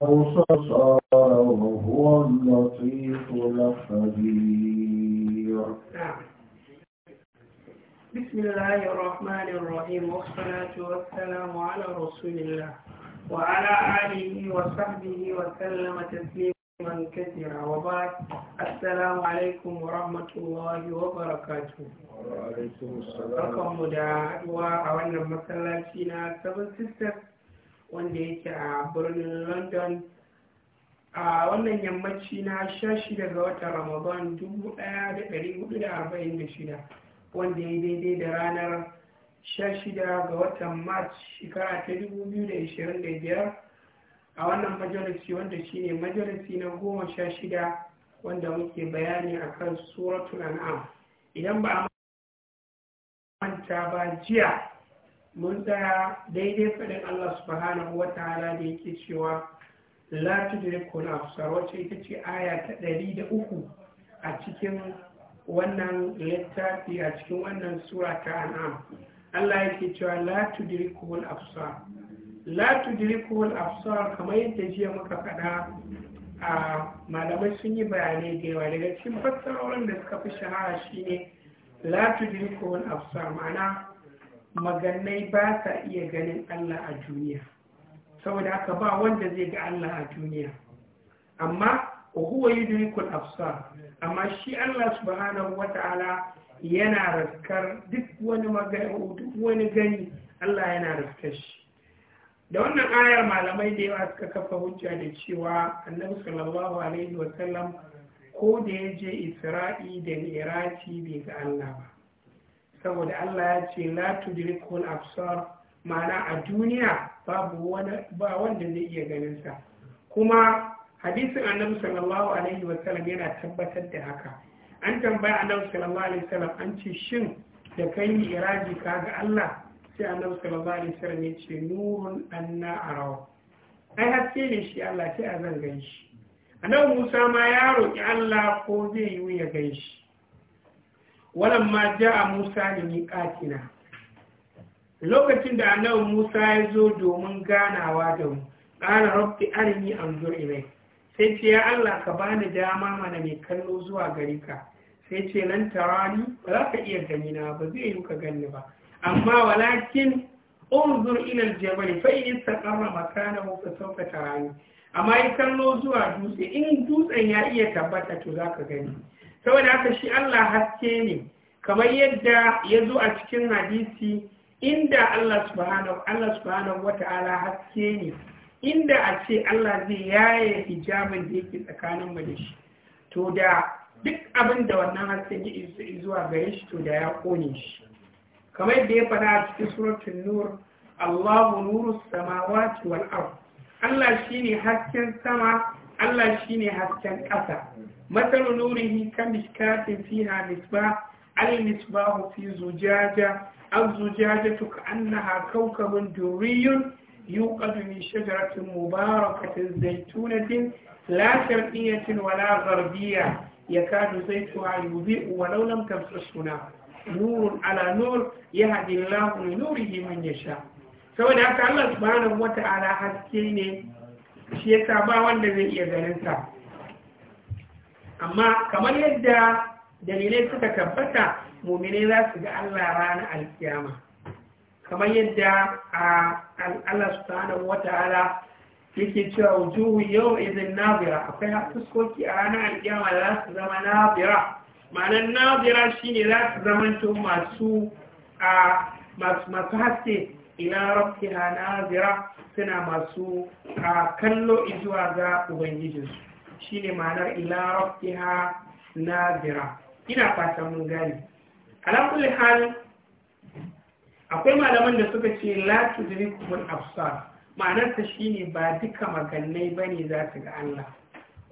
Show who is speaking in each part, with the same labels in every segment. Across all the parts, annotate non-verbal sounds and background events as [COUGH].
Speaker 1: بسم الله
Speaker 2: الرحمن الرحيم والصلاة والسلام على رسول الله وعلى آله وصحبه وسلم تسليما كثيرا وبعد السلام عليكم ورحمة الله وبركاته وعليكم السلام رقم مدعاء وعوانا مسلاتنا سبل سيستر wanda yake a birnin london a wannan yammaci na shashi daga watan ramadan 1446 wanda ya daidai da ranar 16 ga watan march shekara ta 2025 a wannan majalisi wanda shine majalisi na goma sha shida wanda muke bayani akan suratul an'am idan ba a manta ba jiya mun tsaya daidai faɗin Allah subhanahu wa ta'ala da yake cewa la tudrikul absar wacce ita ce aya ta ɗari da uku a cikin wannan littafi a cikin wannan sura ta an'am Allah yake cewa la tudrikul absar la tudrikul absar kamar yadda jiya muka faɗa a malamai sun yi bayanai da yawa daga cikin fassarorin da suka fi shahara shine la tudrikul absar ma'ana maganai ba sa iya ganin Allah a duniya saboda haka ba wanda zai ga Allah a duniya amma huwa yudrikul absar amma shi Allah subhanahu wata'ala yana raskar duk wani duk wani gani Allah yana raskar shi da wannan ayar malamai da yawa suka kafa hujja da cewa annabi sallallahu alaihi sallam ko da ya je isra'i da mi'raji bai ga Allah ba saboda Allah ya ce la tudrikul absar ma'ana a duniya babu wani ba wanda zai iya ganin sa kuma hadisin annabi sallallahu alaihi wa sallam yana tabbatar da haka an tambaya annabi sallallahu alaihi wa sallam an ce shin da kai ni iraji ka ga Allah sai annabi sallallahu alaihi wa sallam ya ce nurun anna arawa ai haske ne shi Allah sai a zan gan shi annabi Musa ma ya roki Allah ko zai yi ya gan shi ma ja'a Musa da miƙatina lokacin da annabi Musa ya zo domin ganawa da mu ƙara rabbi arini anzur ilay sai ce ya Allah ka bani dama mana mai kallo zuwa gari ka sai ce nan tarani ba za ka iya gani na ba zai yi ka gani ba amma walakin unzur ila aljabal fa in istaqarra makanahu fa sawfa tarani amma yi kallo zuwa dutse in dutsen ya iya tabbata to za ka gani saboda haka shi Allah haske ne kamar yadda ya zo a cikin hadisi inda Allah subhanahu Allah subhanahu wata'ala haske ne inda a ce Allah zai yaye hijabin da yake tsakanin mu da shi to da duk abin da wannan ne ya zuwa gare shi to da ya kone shi kamar yadda ya faɗa a cikin suratul nur Allahu nuru samawati wal ard Allah shine hasken sama Allah shine hasken ƙasa مثل نوره كمشكاة فيها مصباح المصباح في زجاجة الزجاجة كأنها كوكب دوري يوقد من شجرة مباركة زيتونة لا شرقية ولا غربية يكاد زيتها يضيء ولو لم تمسسنا نور على نور يهدي الله لنوره من يشاء saboda haka Allah subhanahu wata'ala haske ne shi yasa ba wanda zai iya ganin sa amma kamar yadda dalilai suka tabbata muminai za su ga Allah ranar alkiyama kamar yadda Allah subhanahu wataala yake cewa wujuhu yau izin nazira akwai fuskoki a ranar alkiyama da za su zama nazira ma'anar nazira shine za su zamanto masu masu haske ila rabbiha nazira suna masu kallo izuwa ga ubangijinsu shine ma'anar ila na zira ina fata mun gani. alakulli hali akwai malaman da suka ce la tudrikul absar ma'anar ta shine ba duka ba bane za su ga Allah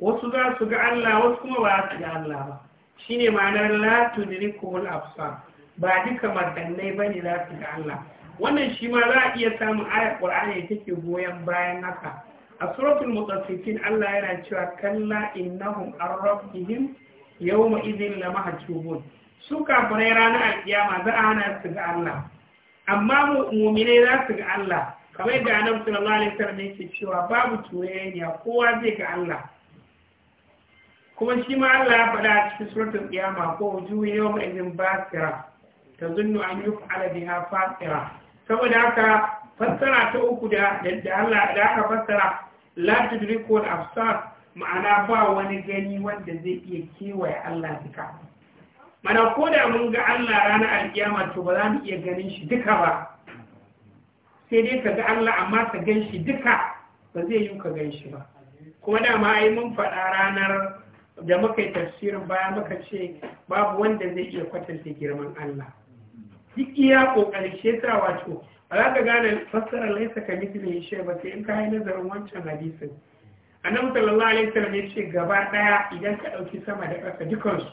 Speaker 2: wasu za su ga Allah wasu kuma ba su ga Allah ba shine ma'anar la tudrikul afsa" ba duka ba bane za su ga Allah wannan shi ma za a iya samun ayar Qur'ani da take goyon bayan haka a suratul mutaffifin Allah yana cewa kalla innahum an rabbihim yawma idhin lamahjubun su kafirai ranar alkiyama za a hana su ga Allah amma mu'minai za su ga Allah kamar da annabi sallallahu alaihi wasallam yake cewa babu turayya kowa zai ga Allah kuma shi ma Allah ya faɗa a cikin suratul qiyama ko wujuhu yawma idhin basira tazunnu an yuf'ala biha fasira saboda haka fassara ta uku da da Allah da aka fassara la al absar ma'ana ba wani gani wanda zai iya kewaye Allah duka mana ko da mun ga Allah ranar alkiyama to ba za mu iya ganin shi duka ba sai dai ka ga Allah amma ka gan shi duka ba zai yi ka gan shi ba kuma dama ai mun faɗa ranar da muka yi tafsirin baya muka ce babu wanda zai iya kwatanta girman Allah duk iya ƙoƙarshe ta wato ba ka gane fassara laisa ka mitili shi ba sai in ka yi nazarin wancan hadisin annabi sallallahu alaihi wasallam ya ce gaba daya idan ka dauki sama da ƙasa dukansu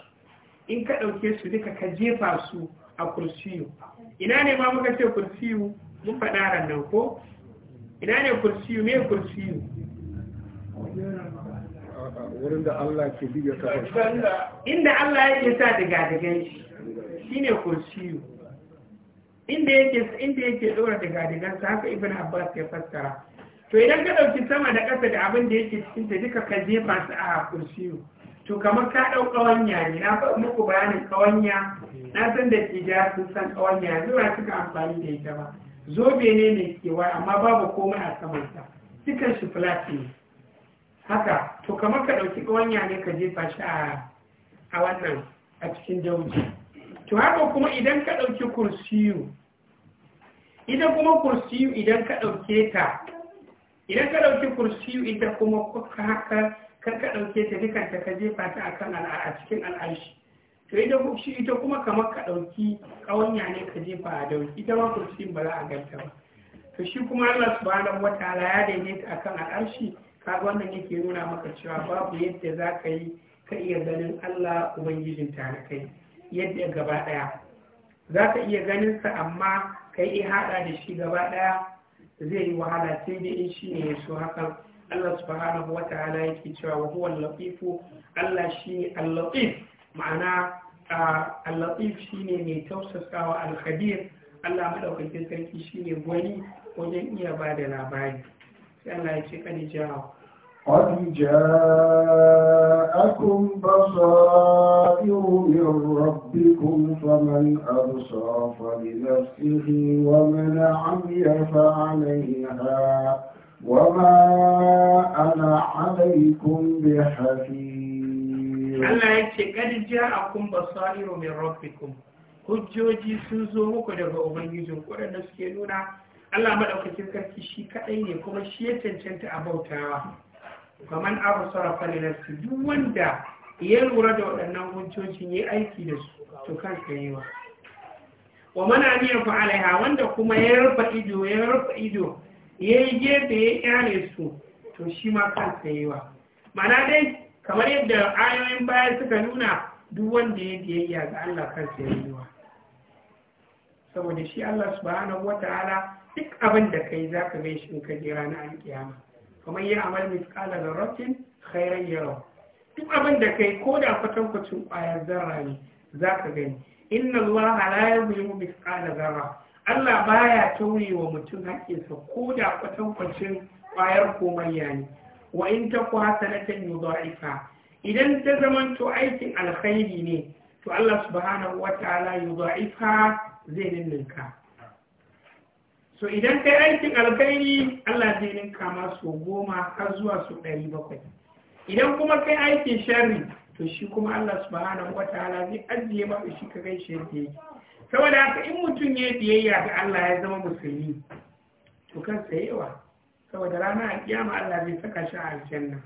Speaker 2: in ka dauke su duka ka jefa su a kursiyu ina ne ma muka ce kursiyu mun faɗa nan ko ina ne kursiyu me kursiyu
Speaker 1: wurin da Allah ke biya ka
Speaker 2: inda Allah ya sa diga digan shi shine kursiyu inda yake inda yake dora daga daga haka ibn abbas ya fassara to idan ka dauki sama da kasa da abin da yake cikin ta duka ka jefa su a kursi to kamar ka dau kawanya ne na fa muku bayanin kawanya na san da tija sun san kawanya zuwa suka amfani da ita ba zobe ne mai kewa amma babu komai a saman sa dukan shi flat ne haka to kamar ka dauki kawanya ne ka jefa shi a a wannan a cikin dauji to haka kuma idan ka ɗauki kursiyu idan kuma kursiyu idan ka ɗauke ta idan ka ɗauki kursiyu ita kuma ka haka kan ka ɗauke ta dukanta ka jefa ta a cikin al'arshi to ita shi ita kuma kamar ka ɗauki ƙawanya ne ka jefa a dauki ita ma kursiyin ba za a ganta ba to shi kuma Allah subhanahu wataala ya daidaita akan al'arshi kaga wannan yake nuna maka cewa babu yadda za ka yi ka iya ganin Allah ubangijin ta na kai yadda gaba ɗaya za ka iya ganin sa amma kai iya haɗa da shi gaba ɗaya zai yi wahala sai dai in shi ne ya so hakan Allah subhanahu wata'ala yake cewa wa huwa latifu Allah shi ne al-latif ma'ana al-latif shine mai tausasawa al-khabir Allah madaukakin sarki shi ne gwani wajen iya ba da labari sai Allah ya ce kadi
Speaker 1: قد جاءكم بصائر من ربكم فمن أبصر فلنفسه ومن عمي فعليها وما أنا عليكم بحفيظ الله
Speaker 2: يكفي قد جاءكم بصائر من ربكم hujjoji sun zo muku daga ubangijin waɗanda suke nuna Allah maɗaukacin sarki shi kaɗai ne kuma shi ya cancanta a bautawa faman absara falinafsi duk wanda ya lura da waɗannan hujjojin ya aiki da su to kansa yi wa mana niyar fa ha wanda kuma ya rufe ido ya rufa ido ya yi gefe ya kyale su to shi ma kansa wa? mana dai kamar yadda ayoyin baya suka nuna duk wanda ya biyayya ga Allah kansa wa? saboda shi Allah subhanahu wataala duk abin da kai zaka mai shi ka jira na alkiyama kamar yi amal miskala da rafin khairan yaro duk abin da kai ko da kwatankwacin ƙwayar zarra ne za ka gani inna Allah la yuzlimu miskala zarra Allah baya tauye wa mutum haƙƙinsa ko da kwatankwacin ƙwayar komayya ne wa in ta sanatan hasanatan idan ta zamanto aikin alkhairi ne to Allah subhanahu wataala yudha'ifa zai ninninka to idan kai aikin alkhairi Allah zai ninka ma so goma har zuwa so ɗari bakwai idan kuma kai aikin sharri to shi kuma Allah subhanahu wa ta'ala zai ajiye maka shi ka gaishe da saboda haka in mutum ya biyayya ga Allah ya zama musulmi to kan sayewa saboda rana a kiyama Allah zai saka shi a aljanna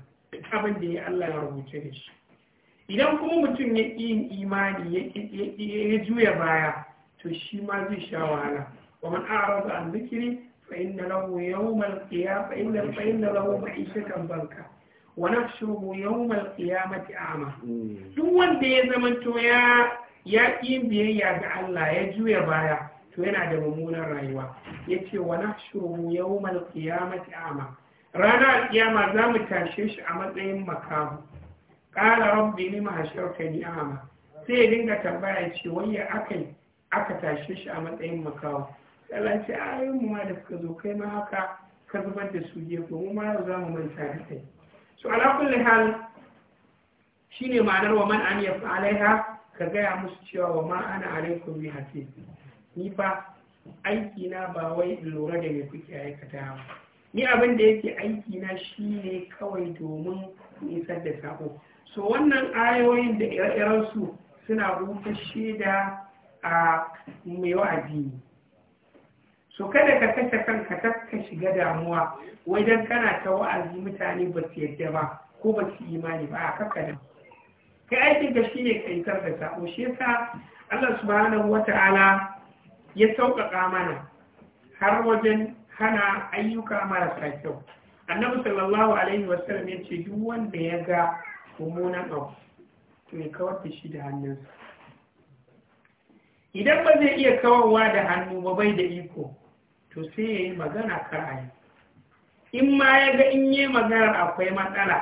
Speaker 2: abin da ya Allah ya rubuce da shi idan kuma mutum ya yi imani ya juya baya to shi ma zai sha wahala ومن أعرض عن ذكري فإن له يوم القيامة فإن, فإن له معيشة ضنكا ونحشره يوم القيامة أعمى duk wanda ya zamanto ya ya biyayya ga Allah ya juya baya to yana da mummunar rayuwa yace wa nahshuruhu yawmal qiyamati a'ma rana alkiyama za mu tashe shi a matsayin makamu qala rabbi lima hashartani a'ma sai ya dinga tambaya ce wai ya akai aka tashe shi a matsayin makamu Allah ce a ah, yi mu ma da suka zo kai ma haka ka zubar da su gefe mu ma za mu manta da sai so ala kulli hal shine ma'anar wa man an yafa alaiha ka gaya musu cewa wa ma ana alaikum bi ni fa aiki na ba wai lura da me kuke aikata ba ni abin da yake aiki na shine kawai domin isar da sako so wannan ayoyin da ire su suna rufe shaida a mai wa'azi so kada ka kashe kanka ta ka shiga damuwa wai dan kana ta wa'azi mutane ba su yadda ba ko ba su imani ba a kaka da kai aikin ka shine ka isar da sako shi yasa Allah subhanahu wata'ala ya sauƙaƙa mana har wajen hana ayyuka marasa kyau annabi sallallahu alaihi wasallam ya ce duk wanda ya ga mummunan abu to ya kawar da shi da hannunsa idan ba zai iya kawarwa da hannu ba bai da iko to sai ya yi magana kar a yi in ma ya ga in yi maganar akwai matsala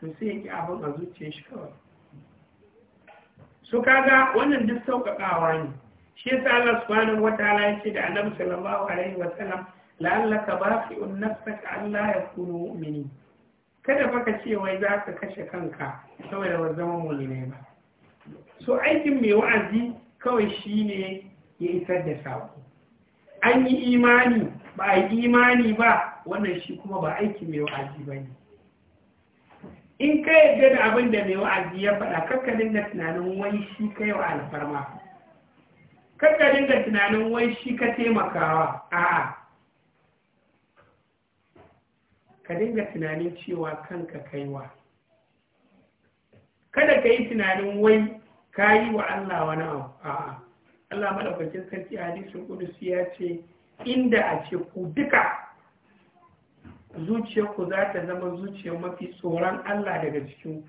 Speaker 2: to sai ya ki abin a zuciya shi kawai su kaga wannan duk sauƙaƙawa ne shi yasa Allah subhanahu wataala ya ce da Annabi sallallahu alaihi wa sallam la'allaka baqi'un nafsaka Allah ya kunu mu'mini kada baka ce wai za ka kashe kanka saboda ba zama mu'mini ba so aikin mai wa'azi kawai shine ya isar da sako an yi imani ba a yi imani ba wannan shi kuma ba aiki mai wa'azi ba ne in ka yadda da abin da mai wa'azi ya faɗa kakkalin da tunanin wai shi ka yi wa alfarma kakkalin da tunanin wai shi ka taimakawa a'a ka dinga tunanin cewa kanka kaiwa kada ka yi tunanin wai ka yi wa Allah wani abu a Allah madaukakin sarki hadisin kudusi ya ce inda a ce ku duka zuciyarku za ta zama zuciyar mafi tsoron Allah daga cikin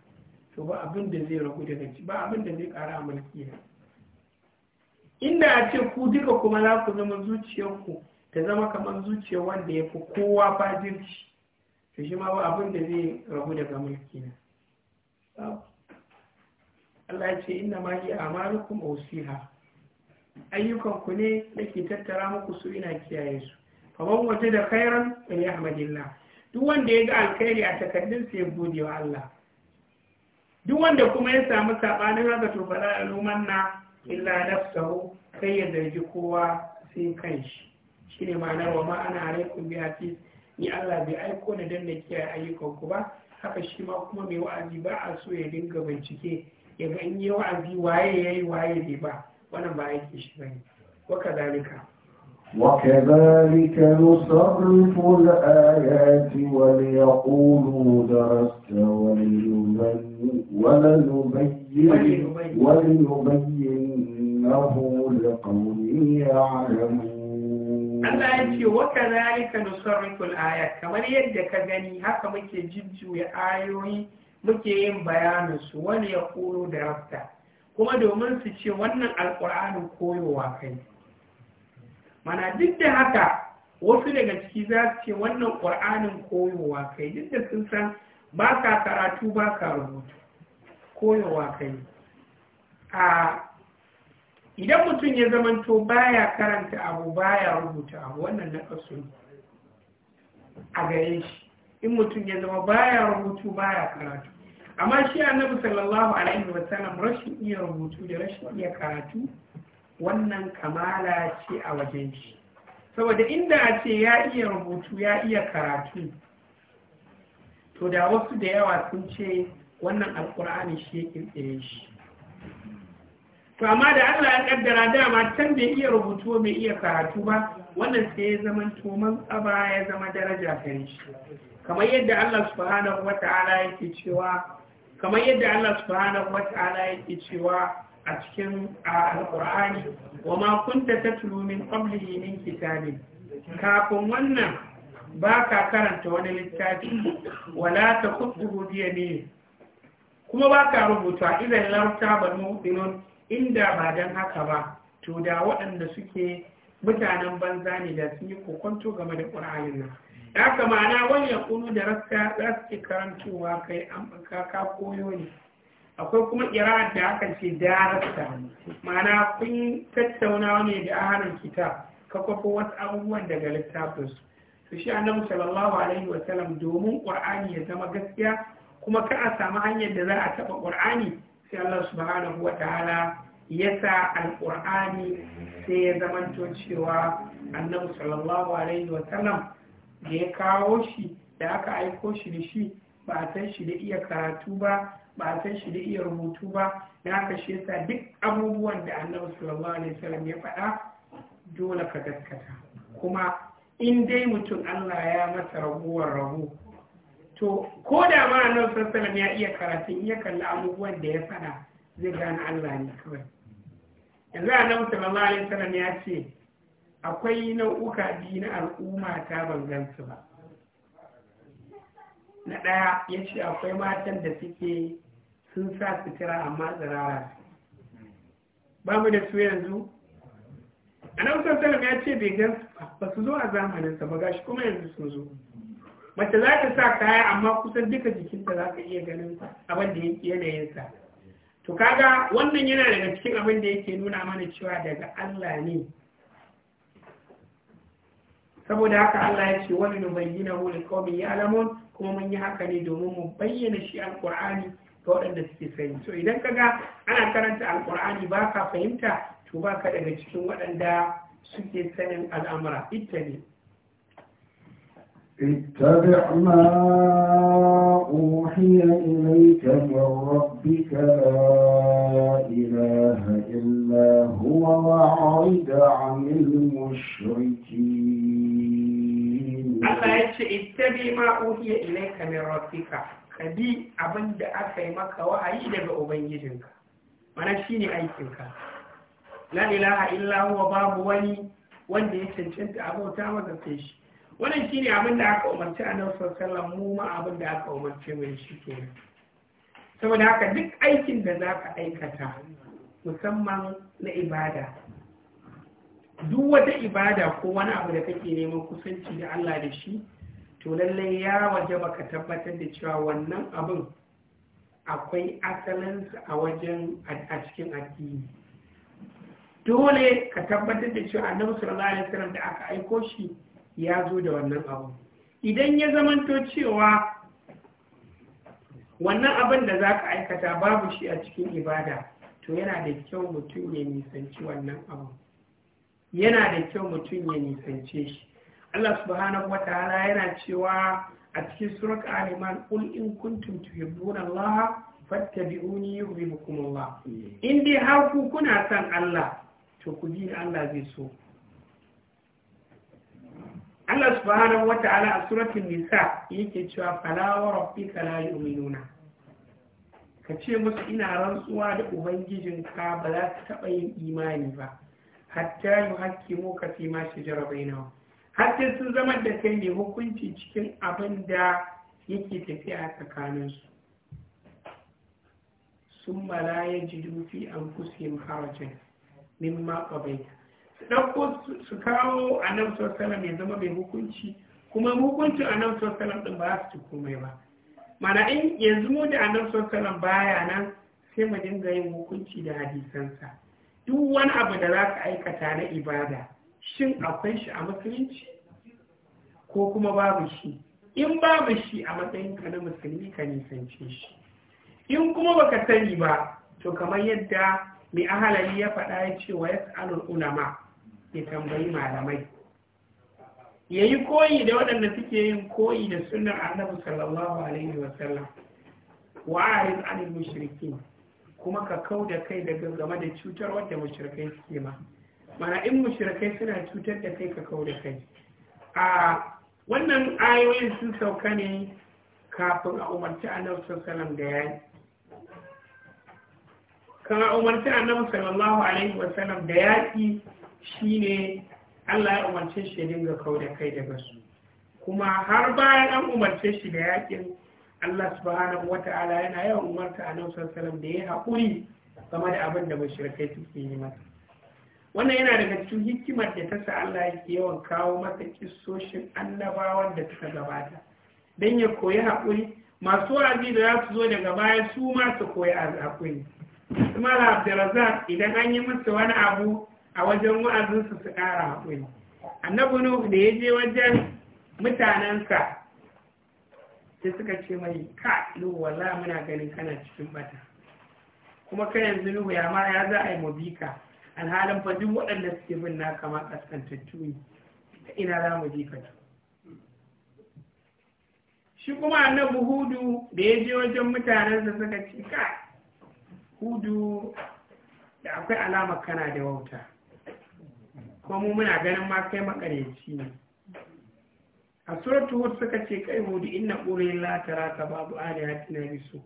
Speaker 2: to ba abin da zai ragu daga ba abin da zai ƙara mulki inda a ce ku duka kuma za ku zama zuciyarku ta zama kamar zuciyar wanda ya fi kowa fajirci to shi ma ba abin da zai ragu daga mulki na Allah ya ce inna ma hi amarukum usiha ayyukanku ne nake tattara muku su ina kiyaye su kamar wata da kairan fal yahmadillah duk wanda ya ga alkhairi a takardun sa ya gode wa Allah duk wanda kuma ya samu sabanin haka to aluman na illa nafsahu kai ya zargi kowa sai kanshi shine ma'anar wa ma ana alaikum bi hafiz ni Allah bai aiko na dan na kiyaye ku ba haka shi ma kuma mai wa'azi ba a so ya dinga bincike ya ga in yi wa'azi waye yayi waye bai ba wannan ba aiki shi bane wakadalika
Speaker 1: وكذلك نصرف الآيات وليقولوا درست وليبين وليبينه لقوم يعلمون Allah
Speaker 2: ya ce wa kadhalika nusarrifu al-ayat kamar yadda ka gani haka muke jujjuya ayoyi muke yin bayanin su wani ya kuro da rafta kuma domin su ce wannan alƙur'anin koyowa kai mana duk da haka wasu daga ciki za su ce wannan ƙur'anin koyowa kai duk da sun san ba ka karatu ba ka rubutu koyowa kai a idan mutum ya zamanto baya karanta abu baya rubuta abu wannan na ƙasu a gare shi in mutum ya zama baya rubutu baya karatu amma shi annabi sallallahu alaihi wasallam rashin iya rubutu da rashin iya karatu wannan kamala ce a wajen shi saboda inda a ce ya iya rubutu ya iya karatu to da wasu da yawa sun ce wannan alkur'ani shi ya kirkire shi to amma da Allah ya kaddara dama can bai iya rubutu bai iya karatu ba wannan sai ya zama toman tsaba ya zama daraja kan shi kamar yadda Allah subhanahu ta'ala yake cewa kamar yadda Allah subhanahu wata'ala yake cewa a cikin Al-Qur'ani, wa ma kunta tatlu min qablihi min kitabin kafin wannan ba ka karanta wani littafi wala ta kudu ne kuma ba ka rubuta idan lauta ba nufinun inda ba dan haka ba to da waɗanda suke mutanen banza ne da sun yi kokonto game da Al-Qur'ani nan haka mana wani ya kunu da rasta za su ce karantowa kai an ka koyo ne akwai kuma kira da aka ce darasta ne ma'ana kun tattaunawa ne da ahalin kita ka kwafo wasu abubuwan daga littafinsu su shi annabi sallallahu alaihi wa sallam domin qur'ani ya zama gaskiya kuma ka a samu hanyar da za a taba qur'ani sai Allah subhanahu wa ta'ala ya sa alqur'ani sai ya cewa annabi sallallahu alaihi wa sallam da ya kawo shi da aka aiko shi da shi ba a san shi da iya karatu ba ba a san shi da iya rubutu ba da aka shi yasa duk abubuwan da annabi sallallahu alaihi wasallam ya faɗa dole ka gaskata kuma in dai mutum Allah ya masa raguwar rabu to ko da ma annabi sallallahu alaihi ya iya karatu iya kalli abubuwan da ya faɗa zai gane Allah ne kawai yanzu annabi sallallahu alaihi wasallam ya ce akwai nau'uka biyu na al'umma ta bangansu ba na ɗaya ya ce akwai matan da suke sun sa sutura amma tsirara ba mu da su yanzu a nan salam ya ce bai gan ba su zo a zamaninsa ba gashi kuma yanzu sun zo mace za ta sa kaya amma kusan duka jikinta za ka iya ganin abin da yanayinsa to kaga wannan yana daga cikin abin da yake nuna mana cewa daga Allah ne
Speaker 1: saboda haka Allah
Speaker 2: ya ce wani nubayyina hu ya alamun? kuma mun yi haka ne domin mu bayyana shi alkur'ani ga waɗanda suke sani so idan kaga ana karanta alkur'ani ba ka fahimta to ba ka daga cikin waɗanda suke sanin al'amura ita ne
Speaker 1: اتبع ما أوحي إليك من ربك لا إله إلا هو وأعرض عن المشركين Allah
Speaker 2: ya ce ittabi ma uhiya ilayka min rabbika ka bi abin da aka yi maka wahayi daga ubangijinka mana shine aikinka la ilaha illa huwa babu wani wanda ya cancanta abota maka sai shi wannan shine abin da aka umarci a sallallahu alaihi wasallam mu ma abin da aka umarce mu shi kenan saboda haka duk aikin da zaka aikata musamman na ibada duk wata ibada ko wani abu da kake neman kusanci da Allah da shi to lallai ya waje baka tabbatar da cewa wannan abin akwai asalinsa a wajen a cikin addini dole ka tabbatar da cewa annabi sallallahu alaihi wasallam da aka aiko shi ya zo da wannan abu idan ya zamanto cewa wannan abin da za ka aikata babu shi a cikin ibada to yana da kyau mutum ya nisanci wannan abu yana da kyau mutum ya nisance shi Allah subhanahu wa ta'ala yana cewa a cikin surat al-iman qul in kuntum tuhibbuna Allah fattabi'uni yuhibbukum Allah in dai har ku kuna son Allah to ku ji Allah zai so Allah subhanahu wa ta'ala a an nisa yake cewa fala wa rabbika la yu'minuna ka ce musu ina rantsuwa da ubangijinka ba za su taɓa yin imani ba hatta haƙƙi ka fi ma shi shajara bainahum hatta sun zama da kai mai hukunci cikin abin da yake tafiya a tsakaninsu sun mala ya ji dufi an kusa kusurin harajan min maƙabai su ɗauko su kawo a nan sosalam ya zama mai hukunci kuma hukuncin a nan sosalam ɗin ba su ci komai ba mana in yanzu mu da a nan sosalam baya nan sai mu dinga yin hukunci da hadisansa duk wani abu da za ka aikata na ibada shin akwai shi a musulunci ko kuma babu shi in babu shi a matsayin ka na musulmi ka nisance shi in kuma baka sani ba to kamar yadda mai ahalari ya faɗa ya ce wa yas'alul ulama ya tambayi malamai ya yi koyi da waɗanda suke yin koyi da sunan annabi sallallahu alaihi wasallam wa arid anil mushrikin kuma ka kau da kai daga game da cutar wadda mashirkai suke ma mana in mashirkai suna cutar da kai ka kau da kai a wannan ayoyin sun sauka ne kafin a umarci annabi sallallahu da yayi kan a umarci annabi sallallahu alaihi wasallam da yaƙi shine Allah ya umarce shi dinga kau da kai daga su kuma har bayan an umarce shi da yaƙin Allah subhanahu wa ta'ala yana yawan umarta a nan da ya haƙuri game da abin da mashirkai suke yi masa wannan yana daga cikin hikimar da ta sa Allah ke yawan kawo masa kissoshin annabawan da suka gabata don ya koyi haƙuri masu wa'azi da za su zo daga baya su ma su koyi haƙuri kuma Abdulrazak idan an yi masa wani abu a wajen wa'azinsu su ƙara haƙuri annabi Nuhu da ya je wajen mutanensa sai suka ce mai ka nuhu Wala muna ganin kana cikin bata kuma kai yanzu nuhu ya ma ya za a yi mabika alhalin fa duk waɗanda suke bin na kama kaskantattu ne ta ina za mu ji ka shi kuma annabi hudu da ya je wajen mutanen da suka ce ka hudu da akwai alamar kana da wauta kuma mu muna ganin ma kai makareci ne a suratu wasu suka ce kai mu da inna ƙure latara ka babu aliya tana bisu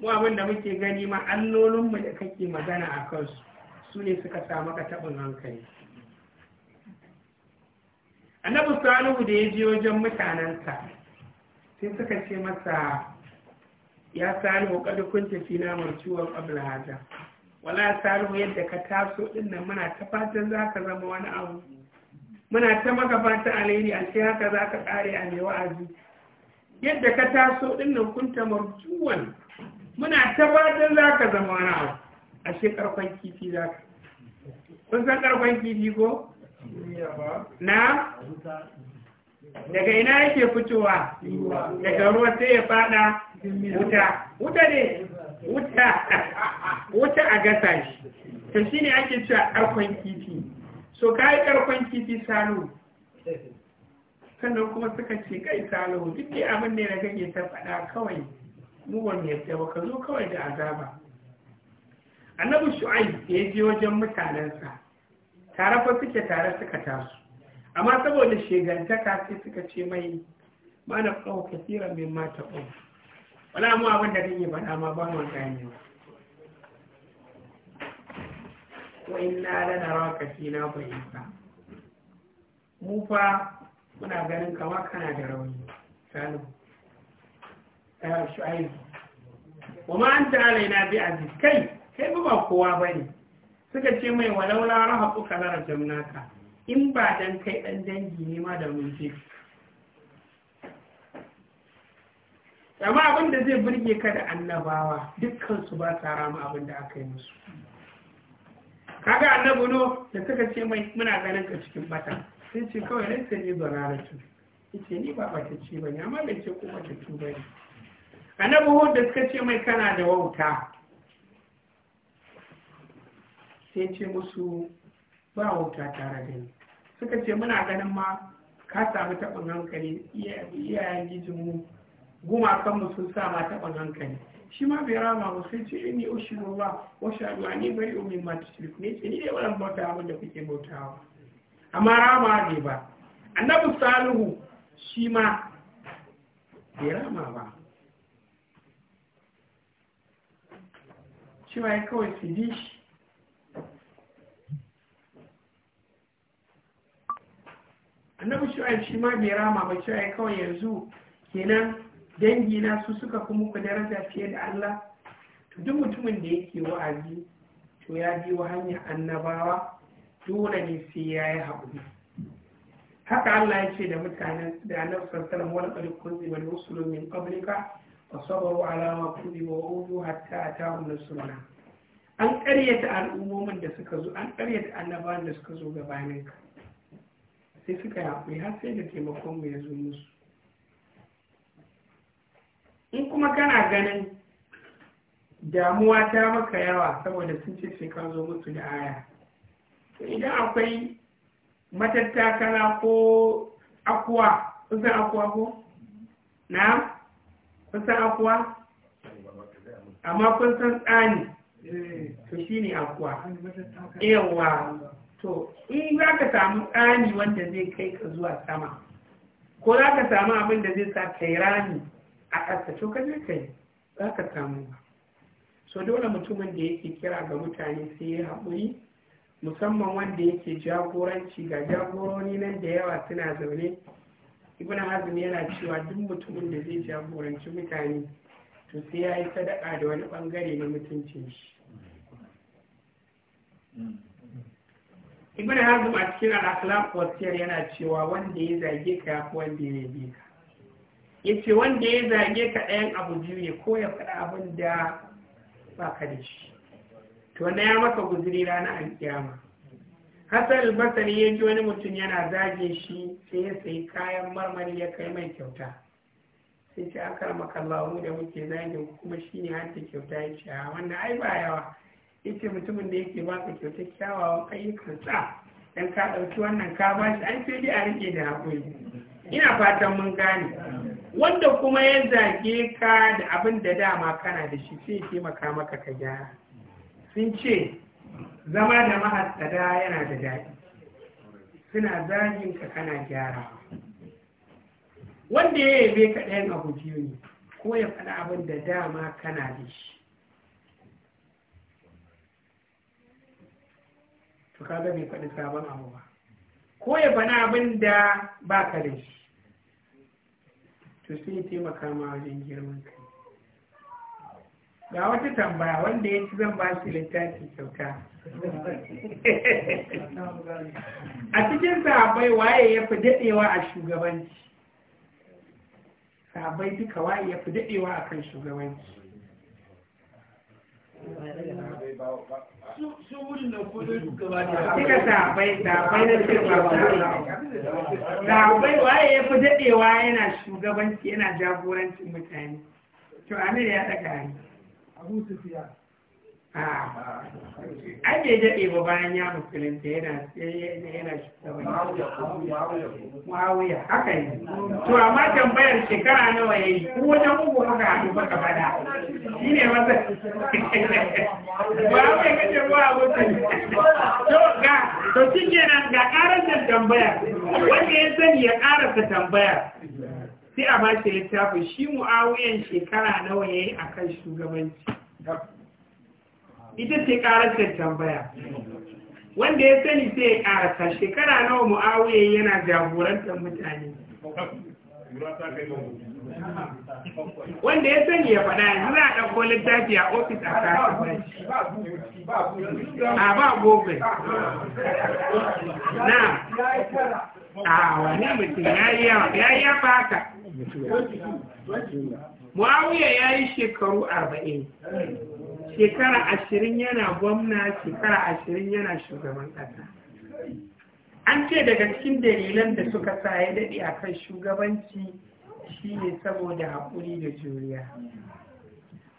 Speaker 2: mu abin da muke gani ma allolinmu da kake magana a kansu su ne suka sa maka taɓin hankali annabi salihu da ya ji wajen mutanensa sai suka ce masa ya salihu kada kun tafi na ciwon ƙabla haja wala salihu yadda ka taso ɗin nan muna ta fatan za ka zama wani abu muna ta magabata alheri a ce haka za ka ƙare a mai wa'azi yadda ka taso ɗin nan kun marjuwan muna ta fatan za ka zama wani abu a ce ƙarfan kifi za ka kun san ƙarfan kifi ko na daga ina yake fitowa daga ruwa sai ya fada wuta wuta ne wuta [LAUGHS] wuta a gasa shi to shine ake cewa ƙarfan kifi so ka yi karfan kifi salo sannan kuma suka ce kai salo duk dai abin ne da kake ta faɗa kawai mu ban yadda ba ka zo kawai da azaba annabi shu'aib ya je wajen mutanensa tare fa suke tare suka taso amma saboda shegantaka sai suka ce mai mana kawo kasira mai mata ɓau. wala mu abin da yi faɗa ma ba mu ganewa wa inna lanaraka fina dhaifa mu fa muna ganin kamar kana da rauni sanu shu'aibu wa ma anta alaina bi aziz kai kai ba kowa bane suka ce mai walaula rahabuka la rajamnaka in ba dan kai dan dangi ne ma da mun amma abin da zai burge ka da annabawa dukkan su ba sa rama abin da aka yi musu kaga annabi no da suka ce mai muna ganin ka cikin bata sai ce kawai ne sai ni zararatu yace ni ba bata ce bane amma bai ce ko bata ci bane annabi da suka ce mai kana da wauta sai ce musu ba wauta tare da ni suka ce muna ganin ma ka samu taɓin hankali iyayen gijinmu gumakanmu sun sa ma taɓin hankali shi ma bai rama ba sai ce inni ushirullah wa shahadu ni bai umin ma tushrik ne ce ni dai wannan bauta abin da kuke bautawa amma rama ne ba annabi salihu shi ma bai rama ba cewa ya kawai su ji shi annabi shi ma bai rama ba shi ya kawai yanzu kenan dangina su suka fi muku daraja fiye da Allah to duk mutumin da yake wa'azi to ya biyo hanyar annabawa dole ne sai ya yi haƙuri haka Allah ya ce da mutanen da na sallallahu alaihi wasallam kunzi wal rusulun min qablika wa sabaru ala ma wa udu hatta na nasruna an ƙaryata al'ummomin da suka zo an ƙaryata annabawan da suka zo gabaninka sai suka yi haƙuri har sai da taimakon mu ya zo musu in kuma kana ganin damuwa ta maka yawa saboda sun ce sai zo musu da aya to idan akwai matattakala ko akuwa kusan akuwa ko na kusan akuwa amma kun san tsani to shi ne akuwa yawa to in za ka samu tsani wanda zai kai ka zuwa sama ko za ka samu abin da zai sa kairani rami a ƙasa ka je kai za ka samu ba so dole mutumin da yake kira ga mutane sai ya haƙuri musamman wanda yake jagoranci ga jagoroni nan da yawa suna zaune ibn hazmi yana cewa duk mutumin da zai jagoranci mutane to sai ya yi sadaka da wani bangare na mutuncin shi ibn hazmi a cikin al-akhlaq wasiyar yana cewa wanda ya zage ka wanda ya bi ka ya ce wanda ya zage ka ɗayan abu biyu ya ko faɗa abin da ba ka da shi to na ya maka guzuri ranar alkiyama hassan albasari ya ji wani mutum yana zage shi sai ya sayi kayan marmari ya kai mai kyauta sai ce aka maka mu da muke zage kuma shi ne hanta kyauta ya ce wannan ai ba yawa ya ce mutumin da yake baka kyauta kyawawan ayyukan sa dan ka ɗauki wannan ka ba shi an sai dai a rike da haƙuri ina fatan mun gane wanda kuma ya zage ka da abin da dama kana da shi sai taimaka maka ka gyara sun ce zama da mahatsada yana da daɗi suna zagin ka kana gyara wanda ya yabe ka ɗayan abu biyu ne ko ya faɗa abin da dama kana da shi to kaga bai faɗi sabon abu ba ko ya faɗa abin da ba ka da shi to yi taimaka ma wajen girman kai ga wata tambaya wanda ya ci zan ba shi littafi kyauta a cikin sahabbai waye ya fi daɗewa a shugabanci sahabbai duka waye ya fi daɗewa a kan shugabanci
Speaker 1: su wurin da kudin suka ba da suka sabai sabai na cewa ba sabai
Speaker 2: waye ya fi daɗewa yana shugabanci yana jagorancin mutane to amir ya ɗaga ni abu fiya an daɗe ba bayan ya musulunta yana yana muawiya haka ne to amma tambayar shekara nawa ya yi ko wajen uku haka haɗu baka bada shi ne masa ba wai kace ba abokin to ga to shi kenan ga ƙarasar tambaya wanda ya sani ya ƙarasa tambaya sai a ba shi littafin shi mu'awiyan shekara nawa ya yi a kan shugabanci ita ce ƙarancin tambaya wanda ya sani sai ya ƙarasa shekara nawa mu'awiyar yana jagorantar mutane
Speaker 1: wanda ya sani ya faɗa yanzu za a ɗauko littafi a ofis a kasa a ba gobe na a wani mutum ya
Speaker 2: yi ya haka mu'awiyar ya yi shekaru arba'in shekara ashirin yana gwamna shekara ashirin yana shugaban ƙasa an ce daga cikin dalilan da suka sa ya daɗe a kan shugabanci shine saboda haƙuri da juriya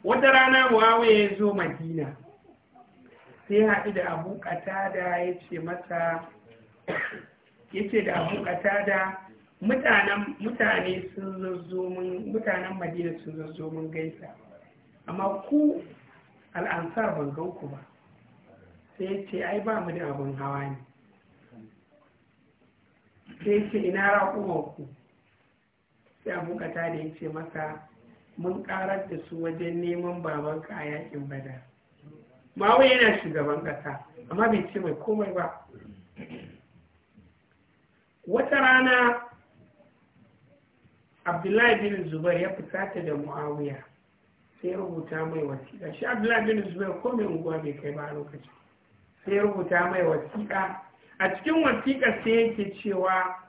Speaker 2: wata rana muawiya ya zo madina sai haɗu da abu da ya ce mata ya ce da abu mutanen madina sun zazzo mun gaisa amma ku al'ansar ban ga uku ba sai ya ce ai ba mu da abin hawa ne sai ya ce ina raƙuwar ku sai abokata da ya ce masa mun ƙarar da su wajen neman babanka a yakin bada ma wai yana shugaban ƙasa amma bai ce mai komai ba wata rana abdullahi bin zubar ya fusata da mu'awiya sai rubuta mai wasiƙa shi abdullahi bin zubair ko mai unguwa bai kai ba a lokaci sai rubuta mai wasiƙa a cikin wasiƙa sai yake cewa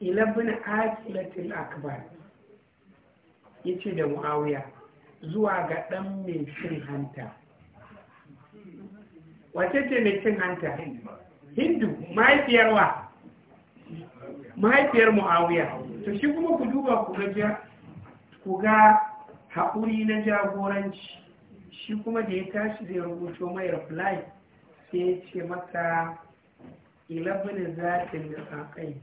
Speaker 2: ilabin akilatul akbar ya ce da mu'awiya zuwa ga ɗan mai cin hanta wace ce mai cin hanta hindu mahaifiyar wa mahaifiyar mu'awiya to shi kuma ku duba ku gajiya ku ga haƙuri na jagoranci shi kuma da ya tashi zai rubuto mai reply sai ya ce maka ilabin zafin da saƙai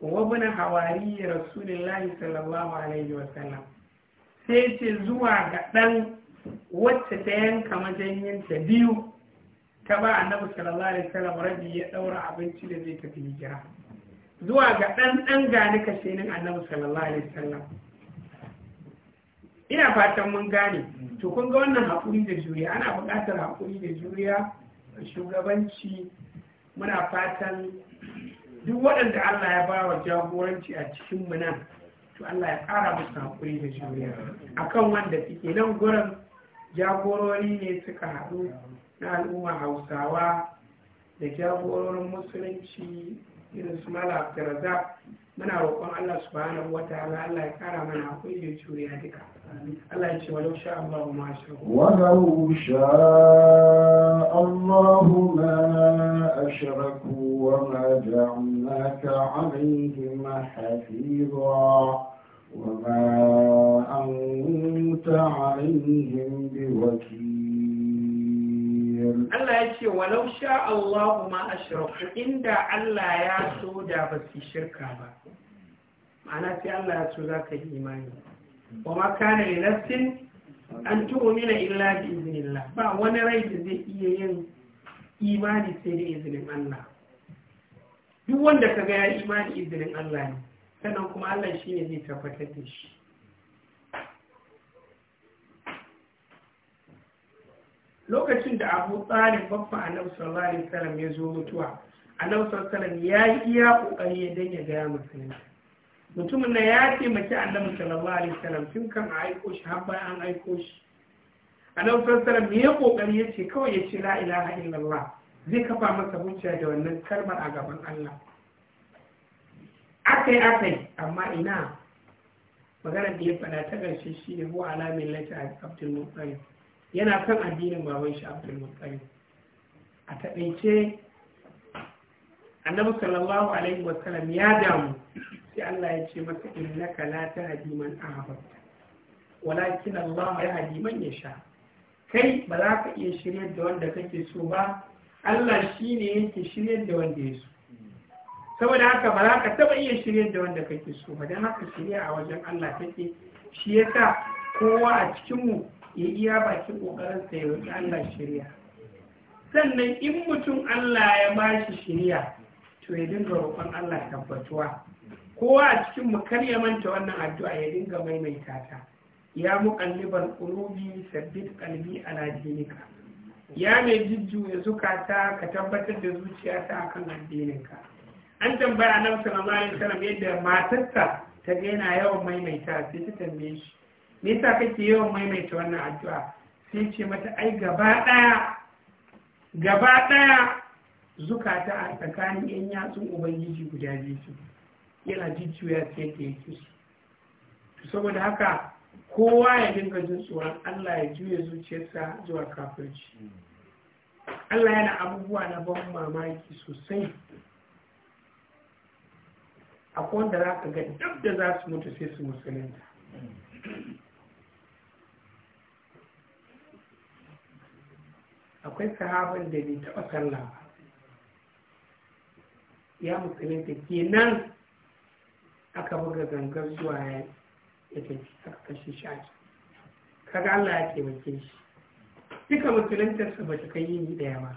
Speaker 2: wabin hawari rasulullahi sallallahu alaihi wasallam sai ya ce zuwa ga ɗan wacce ta yanka majanyinta biyu ta ba annabi sallallahu alaihi wasallam rabi ya ɗaura abinci da zai tafi hijira zuwa ga ɗan ɗan gani a annabi sallallahu alaihi wasallam ina fatan mun gane hmm. to kun ga wannan haƙuri da juriya ana buƙatar haƙuri da juriya a shugabanci muna fatan duk waɗanda Allah ya ba wa jagoranci a cikin mu nan to Allah ya ƙara musu haƙuri da juriya akan wanda suke nan gurin jagorori ne suka haɗu na al'umma Hausawa da jagororin musulunci irin su Malam Abdulrazak muna roƙon Allah subhanahu wa ta'ala Allah ya kara mana akwai da juriya duka Allah ya ce walau sha Allah ma sha
Speaker 1: walau sha Allah ma ashraku wa ma ja'alnaka alayhim hafiza وما أنت عليهم بوكيل
Speaker 2: الله يقول ولو شاء الله ما أشرك إن الله يا سودا بس شركة بقى ma'ana sai Allah ya so za ka yi imani wa ma kana ne nafsin an mina illa bi iznillah ba wani rai da zai iya yin imani sai da izinin Allah duk wanda ka ga ya imani izinin Allah ne sannan kuma Allah shi ne zai tabbatar da shi lokacin da abu tsarin babban annabi sallallahu alaihi wasallam ya zo mutuwa annabi sallallahu alaihi wasallam ya yi iya kokari dan ya ga ya musulunta mutumin na ya taimaki annabi sallallahu alaihi wasallam tun kan a aiko shi har bayan an aiko shi annabi sallallahu alaihi ya kokari ya ce kawai ya ce la ilaha illallah zai kafa masa hujja da wannan kalmar a gaban Allah akai akai amma ina magana da ya faɗa ta ƙarshe shi ne huwa alamin lati abdul muttalib yana kan addinin baban shi abdul muttalib a taɓaice annabi sallallahu alaihi wasallam ya damu sai Allah ya ce maka innaka la tahdi man ahbabta walakin Allah yahdi man yasha kai ba za ka iya shiryar da wanda kake so ba Allah shine yake shiryar da wanda ya so saboda haka ba za ka taba iya shiryar da wanda kake so ba dan haka shirya a wajen Allah take shi yasa kowa a cikin mu ya iya bakin kokarin sa ya wuce Allah shirya sannan in mutum Allah ya bashi shirya to ya dinga roƙon Allah tabbatuwa kowa a cikin mu kar ya manta wannan addu'a ya dinga maimaita ta ya muqallibal qulubi sabbit qalbi ala dinika ya mai jujjuya zukata ka tabbatar da zuciyata akan addininka an tambaya annabi sallallahu alaihi wasallam yadda matarsa ta ga yana yawan maimaita sai ta tambaye shi me yasa kake yawan maimaita wannan addu'a sai ce mata ai gaba daya gaba daya zukata a tsakanin yan yatsun ubangiji guda biyu yana jijjuya ta yadda yake su saboda haka kowa ya dinga jin tsoron Allah ya juya zuciyarsa zuwa kafirci Allah yana abubuwa na ban mamaki sosai akwai wanda za ka ga duk da za su mutu sai su musulunta akwai sahaban da bai taɓa sallah ya musulunta kenan aka buga gangar zuwa ya tafi aka kashe shi kaga Allah ya taimake shi duka musuluntarsa ba ta kai yini ɗaya ba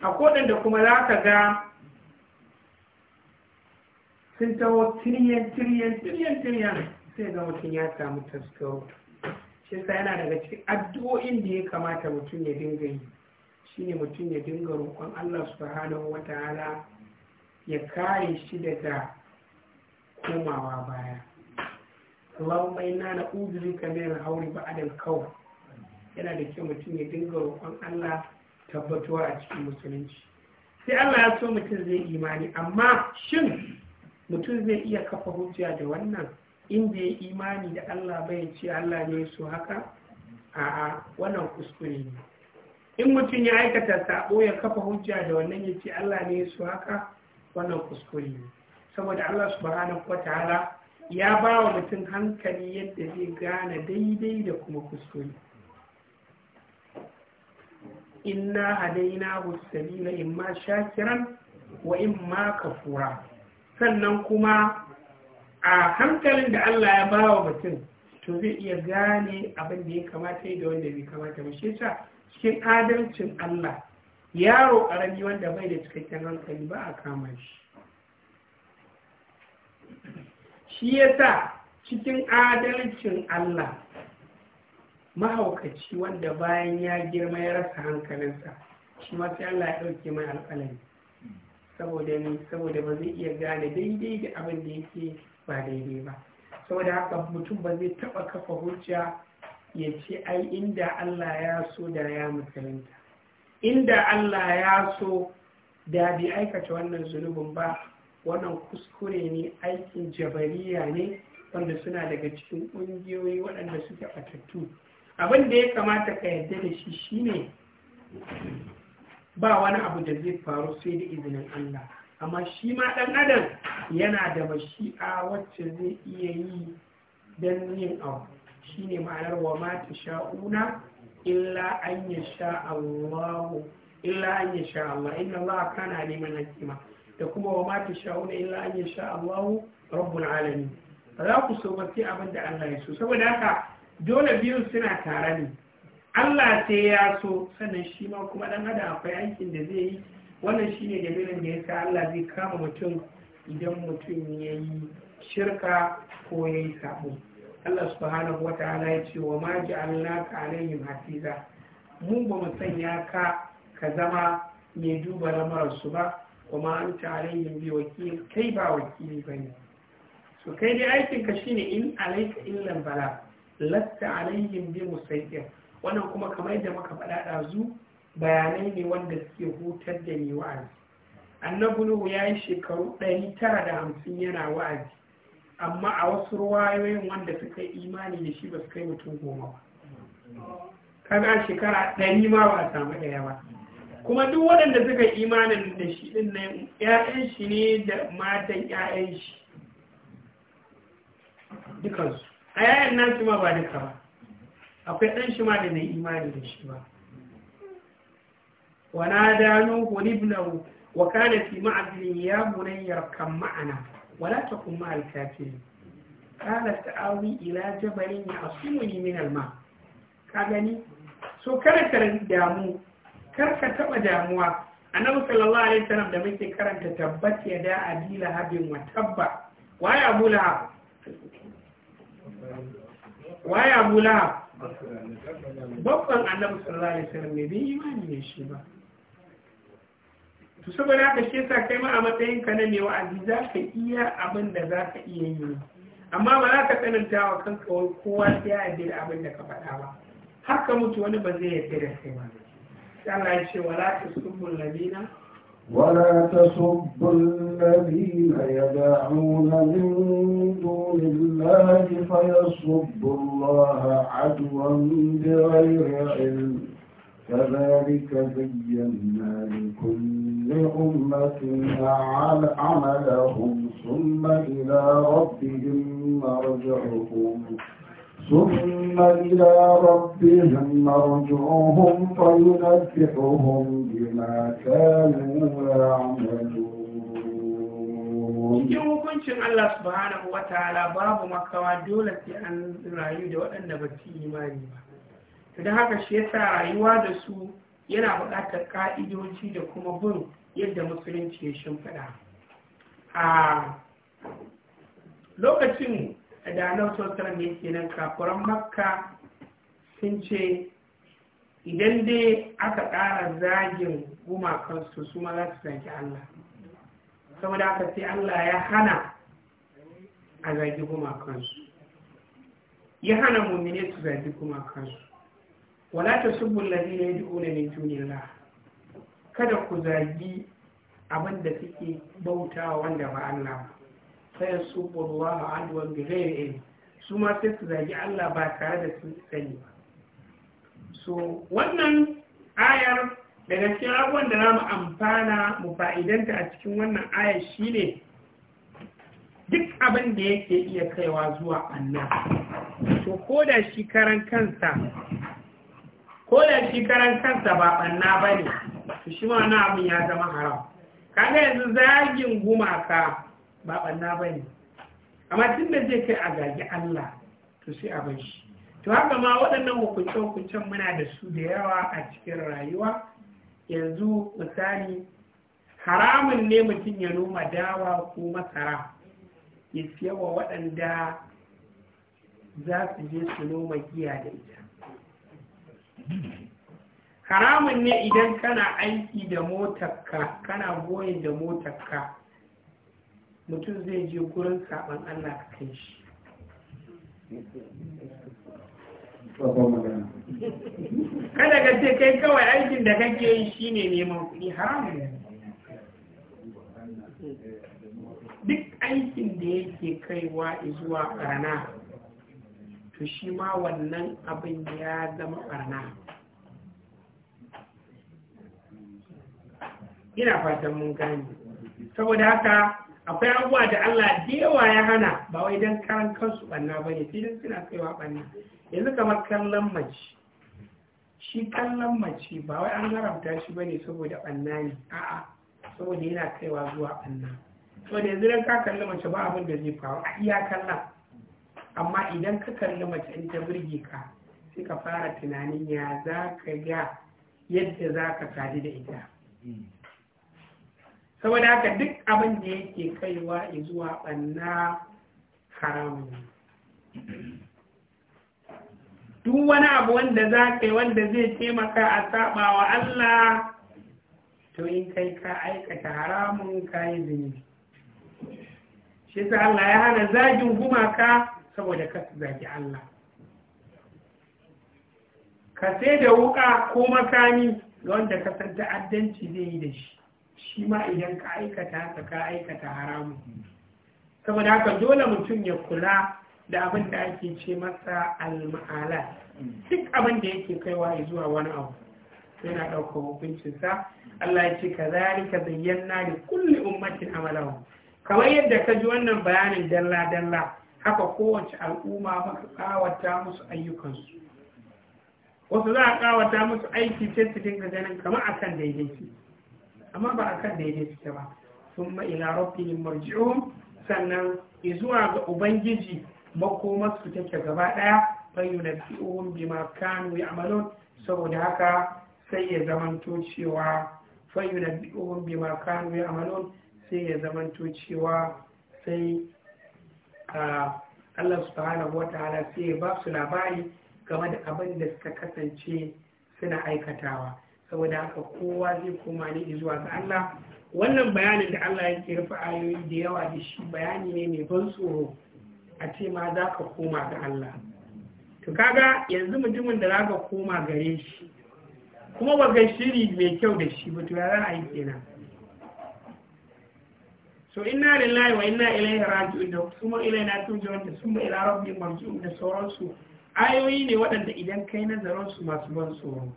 Speaker 2: a kodin da kuma za ka ga sun taho tiriyan tiriyan tiriyan tiriyan sai ga mutum ya samu taskaro shi sa yana daga cikin addu'o'in da ya kamata mutum ya dinga yi shine mutum ya dinga roƙon Allah subhanahu ya kare shi daga komawa baya Allahumma inna na uzuzu ka min hauri ba'dal kawo yana da kyau mutum ya dinga roƙon Allah tabbatuwa a cikin musulunci sai Allah ya so mutum zai imani amma shin mutum zai iya kafa hujja da wannan in bai imani da Allah bai ce Allah ne so haka a'a wannan kuskure ne in mutum ya aikata saɓo ya kafa hujja da wannan ya ce Allah ne so haka wannan kuskure ne saboda Allah subhanahu ta'ala ya ba wa mutum hankali yadda zai gane daidai da kuma kuskure inna hadaina sabila imma shakiran wa imma kafura sannan kuma a hankalin da Allah ya ba wa mutum to zai iya gane abin da ya kamata da wanda bai kamata ba shi cikin adalcin Allah yaro ƙarami wanda bai da cikakken hankali ba a kama shi shi ya sa cikin adalcin Allah mahaukaci wanda bayan ya girma ya rasa hankalinsa shi ma sai Allah ya ɗauke mai alƙalami saboda ne saboda ba zai iya gane daidai da abin da yake ba daidai ba saboda haka mutum ba zai taɓa kafa hujja ya ce ai inda Allah ya so da ya musulunta inda Allah ya so da bi aikata wannan zunubin ba wannan kuskure ne aikin jabariya ne wanda suna daga cikin ƙungiyoyi waɗanda suke fatattu abin da ya kamata ka yarda da shi shine ba wani abu da zai faru sai da izinin Allah amma shi ma ɗan adam yana da mashi'a wacce zai iya yi don yin abu ne ma'anar wa mata sha'una illa an yasha Allah illa an yasha Allah inna Allah kana neman hakima da kuma wa mata sha'una illa an ya sha Allahu rabbul alami. ba za ku sobace abin da Allah ya so saboda haka dole biyu suna tare ne Allah sai ya so sannan shi ma kuma ɗan hada akwai aikin da zai yi wannan shine dalilin da ya sa Allah zai kama mutum idan mutum ya yi shirka ko ya yi sabo Allah subhanahu wa ta'ala ya ce wa ma ja'alnaka alaihim hafiza mu ba mu sanya ka ka zama mai duba lamararsu su ba kuma an tare yin bi wakil kai ba wakili ba ne so kai dai aikinka shine in alaika illan bala lasta alayhim bi musaitir wannan kuma kamar da muka faɗa ɗazu bayanai ne wanda suke hutar da ni wa'azi annabi nuhu ya yi shekaru ɗari tara da hamsin yana wa'azi amma a wasu ruwayoyin wanda suka imani da shi ba su kai mutum goma ba kaga shekara ɗari ma ba a samu ɗaya ba kuma duk waɗanda suka yi imanin da shi ɗin na ‘ya'yan shi ne da matan ‘ya'yan shi dukansu a ‘ya'yan nasu ma ba duka ba akwai ɗan shi ma da na imani da shi ba wana da nuhu ibnahu wa kana fi ma'azin ya bunayyar yarkan ma'ana wala ta kuma alkafiri kana ta'awi ila jabalin ya asumuni min alma ka gani so kana ka damu kar ka taba damuwa annabi sallallahu alaihi wasallam da muke karanta tabbat ya da adila habin wa tabba waya bula
Speaker 1: waya bula babban
Speaker 2: annabi sallallahu alaihi wasallam ne bai imani ne shi ba to saboda haka shi yasa kai ma a matsayin ka na mai wa'azi za ka iya abin da za ka iya yi amma ba za ka tsananta wa kanka wai kowa ya yi abin da ka faɗa ba har ka mutu wani ba zai yarda da kai ba ولا
Speaker 1: تسبوا الذين يدعون من دون الله فيسبوا الله عدوا بغير علم كذلك زينا لكل أمة عملهم ثم إلى ربهم مرجعهم ثم إلى ربهم مرجعهم فينبئهم بما كانوا يعملون cikin
Speaker 2: hukuncin Allah subhanahu wa ta'ala babu makawa dole sai an rayu da waɗanda ba su imani ba to don haka shi yasa rayuwa da su yana buƙatar ƙa'idoci da kuma bin yadda musulunci ya shimfiɗa a lokacin da annabi sallallahu alaihi nan, kafuran makka sun ce idan dai aka ƙara zagin gumakansu su ma za su zagi Allah saboda aka sai Allah ya hana a zagi gumakansu ya hana mummine su zagi gumakansu wala ta subbul ladina yad'una min dunillah kada ku zagi abin da suke bautawa wanda ba Allah ba sai su wa adwan su ma sai su zagi Allah ba tare da sun sani ba so wannan ayar daga cikin abubuwan da za mu amfana mu fa'idanta a cikin wannan ayar shine duk abin da yake iya kaiwa zuwa annan to ko da shi karan kansa ko shi karan kansa ba banna ba ne to shi ma abin ya zama haram kaga yanzu zagin gumaka ba ɓanna ba ne amma tun da zai kai a gagi Allah to sai a bar shi to haka ma waɗannan hukunce-hukuncen muna da su da yawa a cikin rayuwa yanzu misali haramun ne mutum ya noma dawa ko masara ya siya waɗanda za su je su noma giya da ita haramun ne idan kana aiki da motarka kana goyin da motarka mutum zai je gurin saɓon Allah ka kai shi kada ka ce kai kawai aikin da kake yi ne neman kuɗi haramun ne duk aikin da yake kaiwa zuwa ɓarna to shi ma wannan abin ya zama ɓarna ina fatan mun gani saboda haka akwai abubuwa da Allah da yawa ya hana ba wai don karan kansu banna ba ne filin suna kaiwa banna yanzu kamar kallon mace shi kallon mace ba wai an haramta shi ba ne saboda banna ne a'a saboda yana kaiwa zuwa banna saboda yanzu don ka kalli mace ba abin da zai faru a iya kalla amma idan ka kalli mace in ta burge ka sai ka fara tunanin ya za ka ga yadda za ka sadu da ita saboda haka duk abin da yake kaiwa zuwa ɓanna haramun duk wani abu wanda za ka yi wanda zai taimaka a saba wa Allah to in kai ka aikata haramun kayi zini shi sa Allah ya hana zagin gumaka saboda ka zagi Allah ka sai da wuka ko makami ga wanda ka san ta'addanci zai yi da shi shi ma idan ka aikata ka ka aikata haramun saboda haka dole mutum ya kula da abin da ake ce masa al alma'ala duk abin da yake kaiwa zuwa wani abu yana ɗauka hukuncinsa Allah ya ce ka zari ka zayyana da kulle ummatin amalahu kamar yadda ka ji wannan bayanin dalla-dalla haka kowace al'umma ka ƙawata musu ayyukansu wasu za a ƙawata musu aiki sai su dinga ganin kamar akan daidai amma ba a kan daidai suke ba sun ila rabbihim marji'un sannan zuwa ga ubangiji makomarsu take gaba daya ɗaya fayyunabbi'uhum bima kanu ya'malun saboda haka sai ya zamanto cewa fayyunabbi'uhum bima kanu ya'malun sai ya zamanto cewa sai Allah subhanahu wa ta'ala sai ya ba su labari game da abin da suka kasance suna aikatawa saboda haka kowa zai koma ne zuwa ga Allah wannan bayanin da Allah ya ke rufe ayoyi da yawa da shi bayani ne mai ban tsoro a ce ma za ka koma ga Allah to kaga yanzu mutumin da za ka koma gare shi kuma ba ga shiri mai kyau da shi ba to ya za a yi kenan so inna lillahi wa inna ilaihi raji'un da kuma ilaina turja'un da summa ila rabbi marji'un da sauransu ayoyi ne waɗanda idan kai nazarin su masu ban tsoro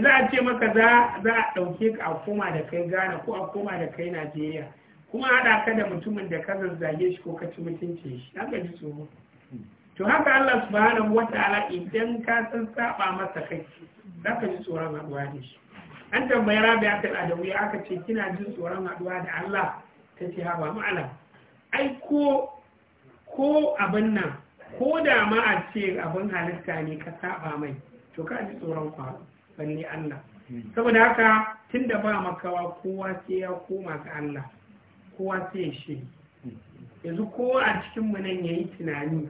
Speaker 2: yanzu a ce maka za a ɗauke ka a koma da kai ghana ko a koma da kai najeriya kuma haɗa ka da mutumin da ka zazzage shi ko ka ci mutunci shi haka ji tsoro to haka allah subhanahu wa ta'ala idan ka san saba masa kai za ka ji tsoron haɗuwa da shi an tambayi rabia da adawi aka ce kina jin tsoron haɗuwa da allah ta ce haɓa ma'ala ai ko ko abin nan ko da ma a ce abin halitta ne ka saba mai to ka ji tsoron kwaro. banni Allah hmm. saboda haka tun da ba makawa kowa sai ya koma ga Allah kowa sai ya shi hmm. yanzu kowa a cikin mu nan yayi tunani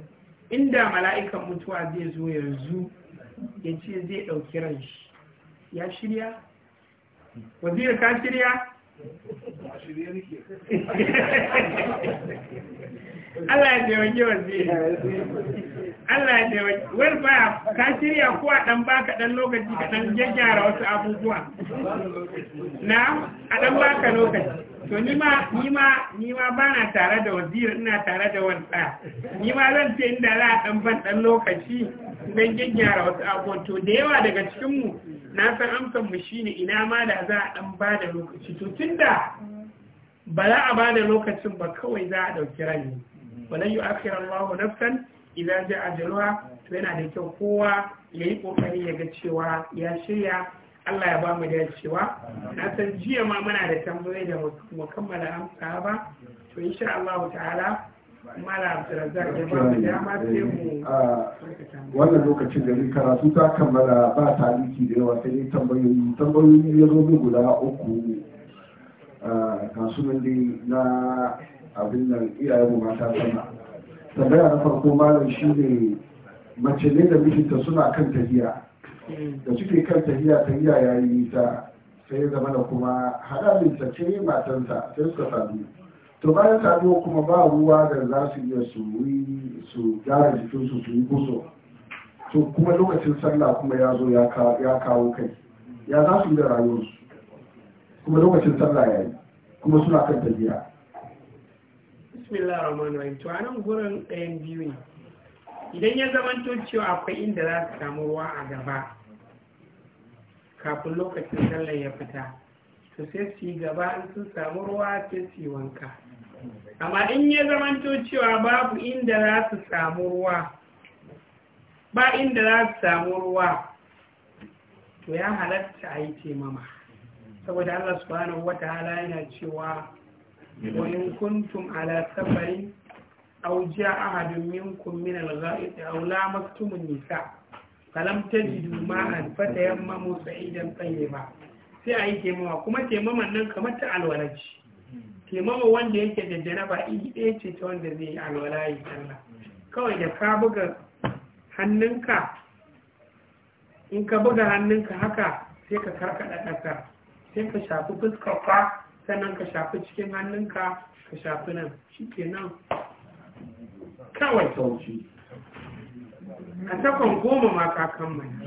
Speaker 2: inda mala'ikan mutuwa zai zo yanzu ya ce zai ɗauki ran shi ya shirya wazir ka shirya
Speaker 3: [LAUGHS] Allah ya taimake
Speaker 2: wasiya Allah ya taimake wani ba ka shirya ko a ɗan baka ɗan lokaci ka ɗan gyaggyara wasu abubuwa na a ɗan baka lokaci to ni ma ni ma ni ma bana tare da wazir ina tare da wani ɗaya ni ma zan ce inda za a ɗan ban ɗan lokaci don gyaggyara wasu abubuwa to da yawa daga cikinmu na san amsan mu shine ina ma da za a ɗan ba da lokaci to tunda ba za a ba da lokacin ba kawai za a ɗauki rani wannan yi akira Allah nafsan idan ji ajaluwa to yana da kyau kowa ya yi kokari ya ga cewa ya shirya Allah ya ba mu da cewa na san jiya ma muna da tambayoyi da mu kammala amsa ba to insha Allah ta'ala eh,
Speaker 1: wannan lokacin gari karatu ta kammala ba taliki da yawa sai tambayoyi tambayoyi ya zo guda uku ah, a kasuwan dai na abin nan iyayen mu mata sama tambaya na farko malam shine mace ne da mijinta suna kan tahiya da suke kan tahiya tahiya ya yi nisa sai zama da kuma hadalinta ce matansa sai suka sadu to bayan saduwa kuma ba ruwa da za su iya su yi su gyara jikinsu su yi guso to kuma lokacin sallah kuma ya zo ya kawo kai ya za su yi da rayuwarsu kuma lokacin sallah ya yi kuma suna kan tafiya
Speaker 2: bismillah rahman rahim to anan gurin ɗayan biyu ne idan ya zama cewa akwai inda za su samu ruwa a gaba kafin lokacin sallar ya fita to sai su yi gaba in sun samu ruwa sai su yi wanka amma in ya zama cewa babu inda za su samu ruwa ba inda za su samu ruwa to ya halatta a yi taimama saboda Allah subhanahu wa ta'ala yana cewa wa in kuntum ala safarin aw jaa ahadun minkum min al-gha'id aw lamastum an-nisa falam tajidu ma'an fatayammamu sa'idan tayyiba sai a yi taimawa kuma taimaman nan kamar ta alwalaci taimama wanda yake da janaba iri ɗaya ce ta wanda zai yi alwala ya sallah kawai da ka buga hannunka in ka buga hannunka haka sai ka karkaɗa ƙasa sai ka shafi fuskar fa sannan ka shafi cikin hannunka ka shafi nan shi kenan kawai sauki a takon goma ma ka kammala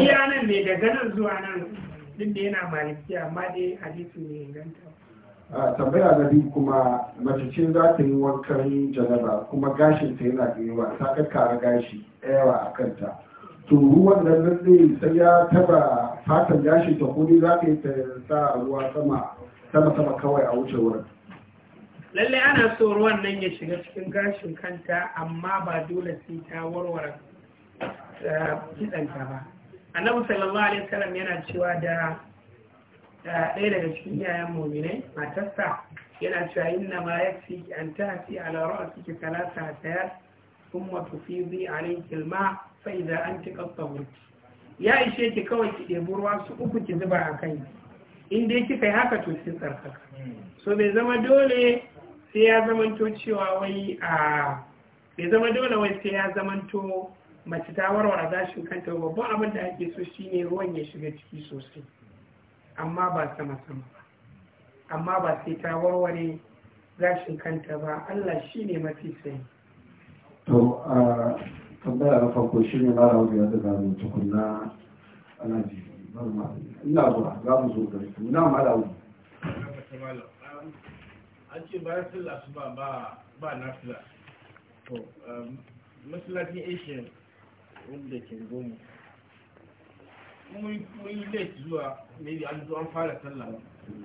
Speaker 2: iya nan ne daga nan zuwa nan din da yana maliki amma dai hadisi ne inganta
Speaker 1: tambaya na biyu kuma mace za ta yi wankan janaba kuma gashinta yana da yawa ta kakkara gashi yawa a kanta to ruwan da zai sai ya taba fatan ya shi ta kuri za ka yi ta sa ruwa sama sama sama kawai a wuce wurin
Speaker 2: lalle ana so ruwan nan ya shiga cikin gashin kanta amma ba dole sai ta warware eh, kitsanta ba annabi sallallahu alaihi wasallam yana cewa da ɗaya daga cikin iyayen muminai matarsa yana cewa inna ma yakfi an fi ala talata thalatha hasayat thumma tufizi alayki al-ma' sai da an ci ya ishe ki kawai ki ɗebi ruwa su uku ki zuba a kai in dai kika yi haka to ki tsarkaka so bai zama dole sai ya to cewa wai a bai zama dole wai sai ya zamanto mace ta warware gashin kanta babban abin da ake so shine ruwan ya shiga ciki sosai amma ba sama sama amma ba sai ta warware gashin kanta ba Allah shine mafi sai
Speaker 1: to tambaya na farko shi ne mara wani ya na mai tukunna ana ji ina zuwa za mu zo gari kuma na mara wani an ce bayan sallah su ba ba na fila to um, masallacin asian wanda ke gomu mun yi late zuwa maybe an zo an fara sallah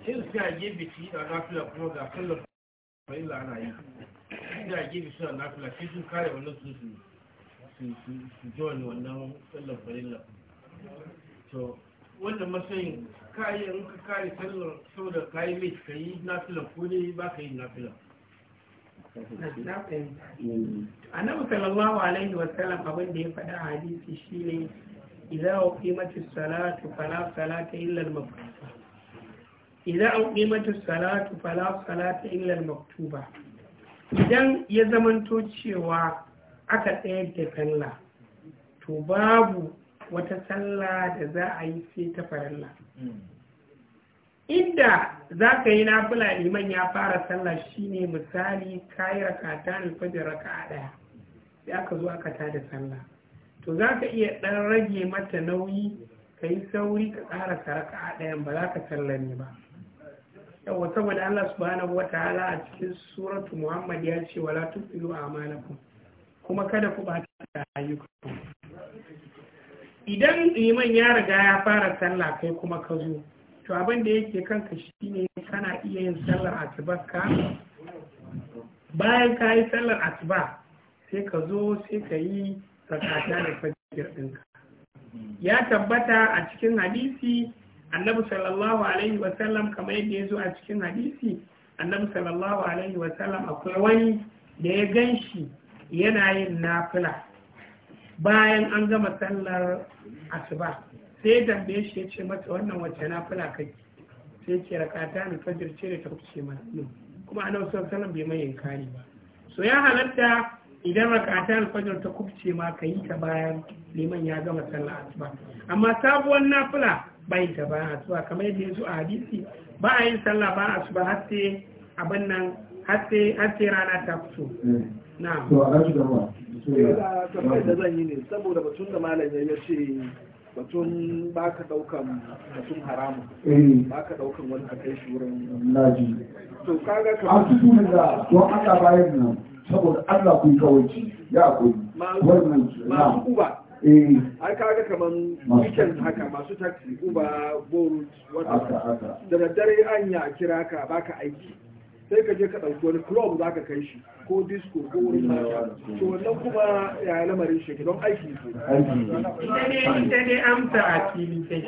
Speaker 1: sai su sai a gefe ci a na fila kuma ga sallah fa'ila ana yi da a gefe suna na fila sai sun kare wannan su su su join wannan sallar farilla
Speaker 2: to wannan matsayin kayi in ka kare sallar saboda kayi mai ka yi nafila ko ne ba ka yi nafila annabi sallallahu alaihi wasallam abin da ya faɗa a hadisi shine idan idza uqimatis salatu fala salata illa al-maktuba idza uqimatis salatu fala salata illa al-maktuba idan ya zamanto cewa aka tsayar da sallah to babu wata sallah da za a yi sai ta farilla inda za ka yi nafula liman ya fara sallah shine misali kayi rakata ne fajin raka ɗaya sai aka zo aka ta da sallah to za ka iya ɗan rage mata nauyi ka yi sauri ka ƙara a ɗayan ba za ka ne ba yawa saboda Allah subhanahu wa ta'ala a cikin suratu Muhammad ya ce wala tufilu amalakum kuma kada ku ɓata ayyukan idan liman ya riga ya fara sallah kai kuma ka zo to abin da yake kanka shine kana iya yin sallar asuba ka bayan ka yi sallar asuba sai ka zo sai ka yi sakata da fajir ɗinka ya tabbata a cikin hadisi annabi sallallahu alaihi wasallam kamar yadda ya zo a cikin hadisi annabi sallallahu alaihi wasallam akwai wani da ya ganshi. yana yin nafila bayan an gama sallar asuba sai dambe shi ya ce mata wannan wacce nafila kai sai ce rakata ni ce da ta kuce mana kuma a nausar sallar bai mai yankari ba so ya halatta idan rakata ni ta kuce ma ka yi ta bayan liman ya gama sallar asuba amma sabuwar nafila bai ta bayan asuba kamar yadda ya a hadisi ba a yin sallah ba asuba har sai abin nan har sai rana ta fito hmm. to a
Speaker 1: yi batun ya ce ba ka daukan batun haramun eh. ba ka daukan wani a kai shi wurin laji to kaga kamar a cikin da don Allah bayan nan saboda Allah kun kawai ya koyi wannan na ba eh. ai kaga kaman weekend haka masu taxi uber bolt wata da daddare an ya kira ka baka aiki sai ka je ka ɗauki wani club za ka kai shi ko disco ko wurin mata wannan kuma ya lamarin shi don aiki su ita ne amsa a filin kai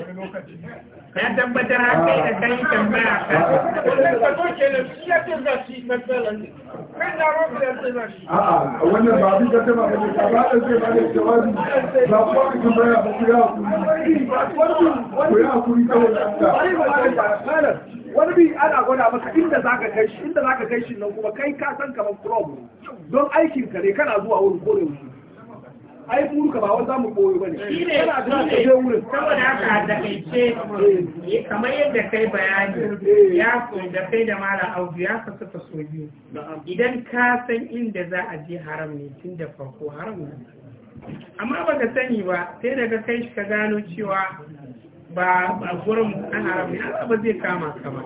Speaker 1: ya tabbatar haka ita kan yi tambaya a wannan ba ke da Ya ta ba da ta ba da zai ba da jawabi ba kuma ka tambaya ba ku ya hakuri ku ya hakuri kawai da ta wani bi ana gwada maka inda za ka kai shi inda za ka kai shi nan kuma kai ka san kamar club don aikin
Speaker 2: ka ne kana zuwa wurin kore wuce ai buruka ba wani zamu koyo bane kana da ka je wurin saboda haka da kai ce eh. eh, kamar yadda kai bayani eh. ya koyi da kai da mala audu ya kasu ta so biyu idan ka san inda za a je haram ne tun da farko haram ne amma baka sani ba sai daga kai shi ka gano cewa ba ba gurin an haram ne ba zai kama ka ba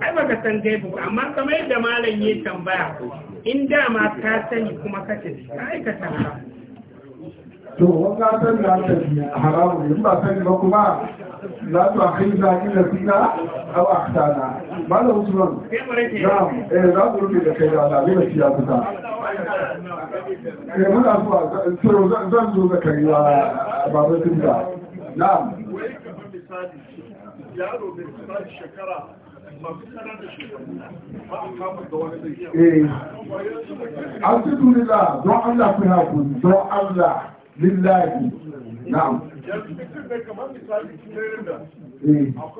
Speaker 2: ai ba ka san gaibu ba amma kamar yadda malam ya tambaya in dama ka sani kuma ka ce ka aikata ba.
Speaker 1: to wanda san da ta in ba sani ba kuma la tu da illa sina aw ahtana malam usman na'am eh za ku rubuta kai da Allah ne shi ya fita eh muna zuwa zan zo zakariya babatun da na'am An yaro mai da eh. don allah fi haku don allah lillahi na'am yanzu kamar misali eh. eh. ba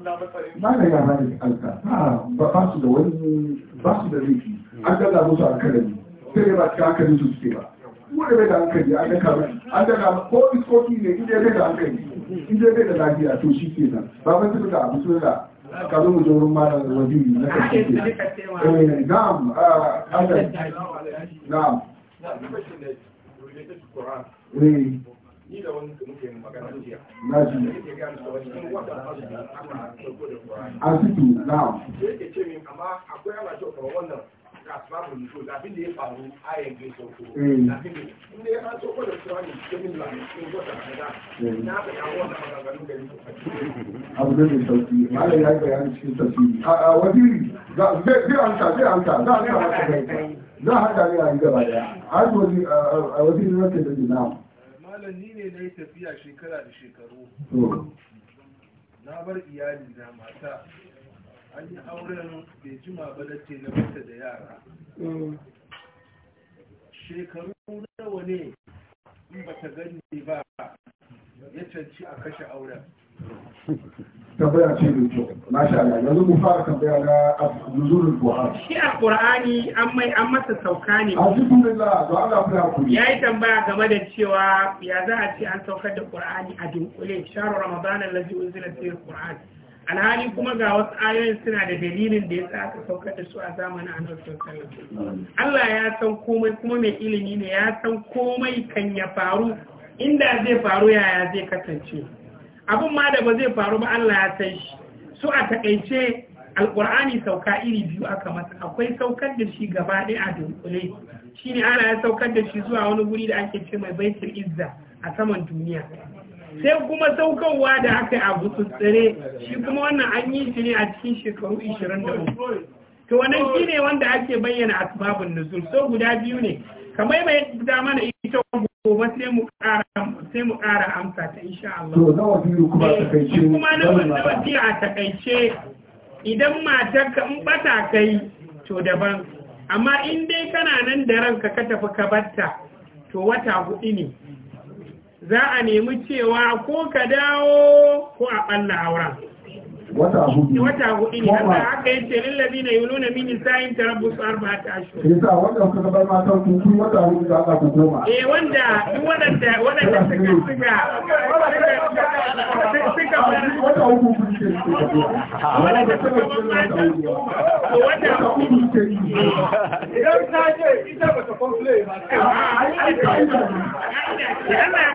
Speaker 1: da wani ba su da riki an gaza musu sai ba ta hankali su suke ba kuma da da hankali an daka mai an daka ko iskoki ne inda bai da hankali inda bai da lafiya to shi ke nan ba ban tafi da abu sun da kazo mu jorin mara waziri na kashe ke eh na'am ah, adam na'am ni da wani muke magana jiya na ji a cikin na'am yake ce min amma akwai ana cewa wannan kasuwa mutu abin da ya faru a yanke sauko inda ya faso ko da tsuwa ne cikin lami cikin gota na wannan maganganu da yanzu abu da mai sauki malam ya bayani cikin sauki a waziri zai hanta zai hanta za a sa masa kai za a hada ne a yi gaba daya a waziri na ta da jina malam ni ne na yi tafiya shekara da shekaru hmm. na bar iyali na mata an yi auren bai jima ba da ce na mata da yara mm. shekaru nawa ne in ba ta gani ba ya canci a kashe auren tambaya ce da kyau masha Allah yanzu mu fara tambaya na nuzulul buhari
Speaker 2: shi a qur'ani an mai an masa sauka ne alhamdulillah to Allah ya kuri yayi tambaya game da cewa ya za a ce an saukar da qur'ani a dunkule shahru ramadan allazi unzila fihi alquran alhali kuma ga wasu ayoyin suna da dalilin da ya sa aka saukar da su a zamanin annabi sallallahu alaihi Allah ya san komai kuma mai ilimi ne ya san komai kan ya faru inda zai faru yaya zai kasance abin ma da ba zai faru ba Allah ya san shi su a takaice Al'Qur'ani sauka iri biyu aka masa akwai saukar da shi gaba ɗaya a dunkule shine Allah ya saukar da shi zuwa wani guri da ake ce mai baitul izza a saman duniya sai kuma saukowa da aka yi a gutsutsure shi kuma wannan an yi shi ne a cikin shekaru 24 to wannan shi ne wanda ake bayyana asbabun nuzul so guda biyu ne kamar mai da mana ita gobe sai mu ƙara sai mu ƙara amsa ta insha Allah to kuma eh, kuma na wanda biyu a takaice idan matar ka in bata kai to daban amma in dai kana nan da ranka ka tafi ka batta to wata hudu ne za a nemi cewa ko ka dawo ko a ɓalla auren wata hudu ne haka haka yi ce lillabi na yi nuna mini sa'in tarabbusu arba'ata ashur yasa
Speaker 1: wanda suka zaba matan kuku wata hudu a aka koma
Speaker 2: eh wanda waɗanda waɗanda suka suka wata hudu kuke
Speaker 1: wanda suka wata hudu ke idan ta ce ita ba ta komplain ba